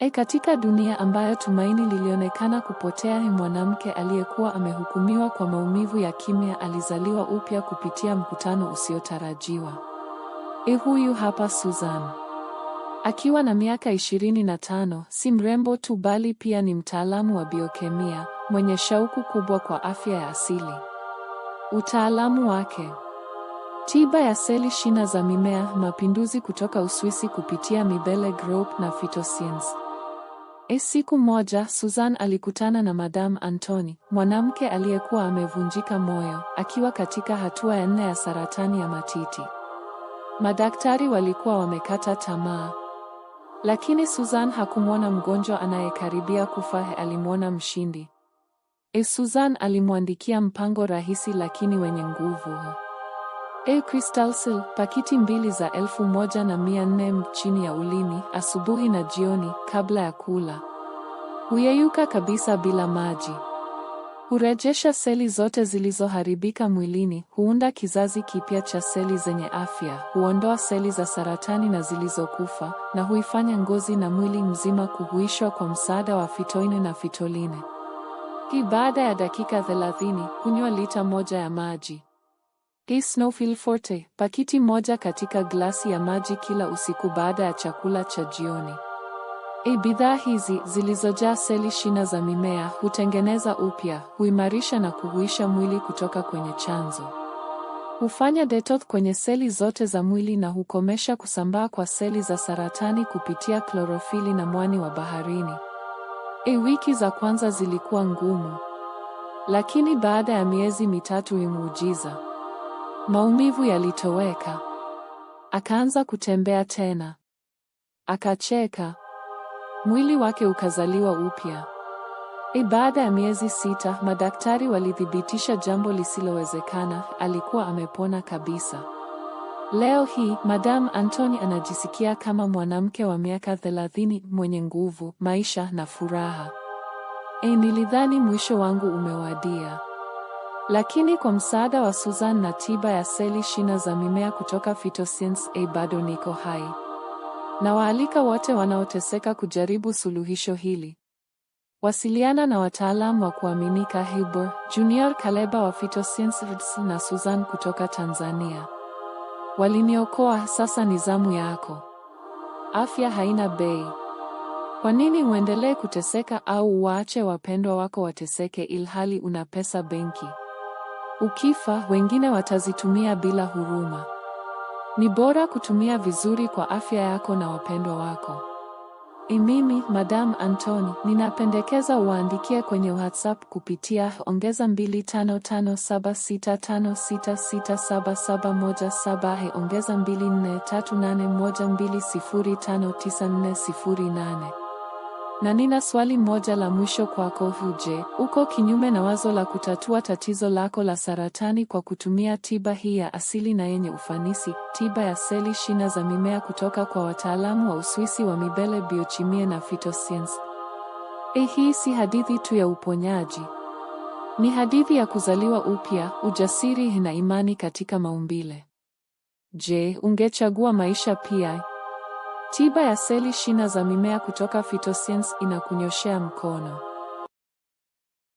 E, katika dunia ambayo tumaini lilionekana kupotea, ni mwanamke aliyekuwa amehukumiwa kwa maumivu ya kimya alizaliwa upya kupitia mkutano usiotarajiwa. E, huyu hapa Susan. Akiwa na miaka 25, si mrembo tu bali pia ni mtaalamu wa biokemia mwenye shauku kubwa kwa afya ya asili. Utaalamu wake tiba ya seli shina za mimea, mapinduzi kutoka Uswisi kupitia Mibelle Group na Phytosciences. E, siku moja Susan alikutana na Madam antoni mwanamke aliyekuwa amevunjika moyo, akiwa katika hatua ya nne ya saratani ya matiti. Madaktari walikuwa wamekata tamaa. Lakini Susan hakumwona mgonjwa anayekaribia kufa, alimwona mshindi. E, Susan alimwandikia mpango rahisi lakini wenye nguvu. Crystal Crystalsil pakiti mbili za elfu moja na mia nne chini ya ulimi asubuhi na jioni kabla ya kula. Huyeyuka kabisa bila maji. Hurejesha seli zote zilizoharibika mwilini, huunda kizazi kipya cha seli zenye afya, huondoa seli za saratani na zilizokufa, na huifanya ngozi na mwili mzima kuhuishwa kwa msaada wa fitoini na fitoline. Hii baada ya dakika 30, kunywa lita moja ya maji. Hii Snowfield Forte, pakiti moja katika glasi ya maji kila usiku baada ya chakula cha jioni. E, bidhaa hizi zilizojaa seli shina za mimea hutengeneza upya, huimarisha na kuhuisha mwili kutoka kwenye chanzo. Hufanya detox kwenye seli zote za mwili na hukomesha kusambaa kwa seli za saratani kupitia klorofili na mwani wa baharini. E, wiki za kwanza zilikuwa ngumu. Lakini baada ya miezi mitatu ni muujiza. Maumivu yalitoweka. Akaanza kutembea tena. Akacheka. Mwili wake ukazaliwa upya. E, baada ya miezi sita, madaktari walithibitisha jambo lisilowezekana, alikuwa amepona kabisa. Leo hii Madam antoni anajisikia kama mwanamke wa miaka 30 mwenye nguvu, maisha na furaha. E, nilidhani mwisho wangu umewadia. Lakini kwa msaada wa Susan na tiba ya seli shina za mimea kutoka Phytosins A bado niko hai. Nawaalika wote wanaoteseka kujaribu suluhisho hili. Wasiliana na wataalamu wa kuaminika hibo Junior Kaleba wa Phytosins na Susan kutoka Tanzania. Waliniokoa, sasa ni zamu yako. Afya haina bei. Kwa nini uendelee kuteseka au waache wapendwa wako wateseke ilhali una pesa benki? Ukifa wengine watazitumia bila huruma. Ni bora kutumia vizuri kwa afya yako na wapendwa wako. Imimi e, Madam Antoni, ninapendekeza uwaandikie kwenye WhatsApp kupitia ongeza 255765667717 he ongeza 243812059448 na nina swali moja la mwisho kwako. Huje uko kinyume na wazo la kutatua tatizo lako la saratani kwa kutumia tiba hii ya asili na yenye ufanisi, tiba ya seli shina za mimea kutoka kwa wataalamu wa Uswisi wa mibele Biochimie na Phytoscience? Eh, hii si hadithi tu ya uponyaji, ni hadithi ya kuzaliwa upya, ujasiri na imani katika maumbile. Je, ungechagua maisha pia Tiba ya seli shina za mimea kutoka Phytosense inakunyoshea mkono.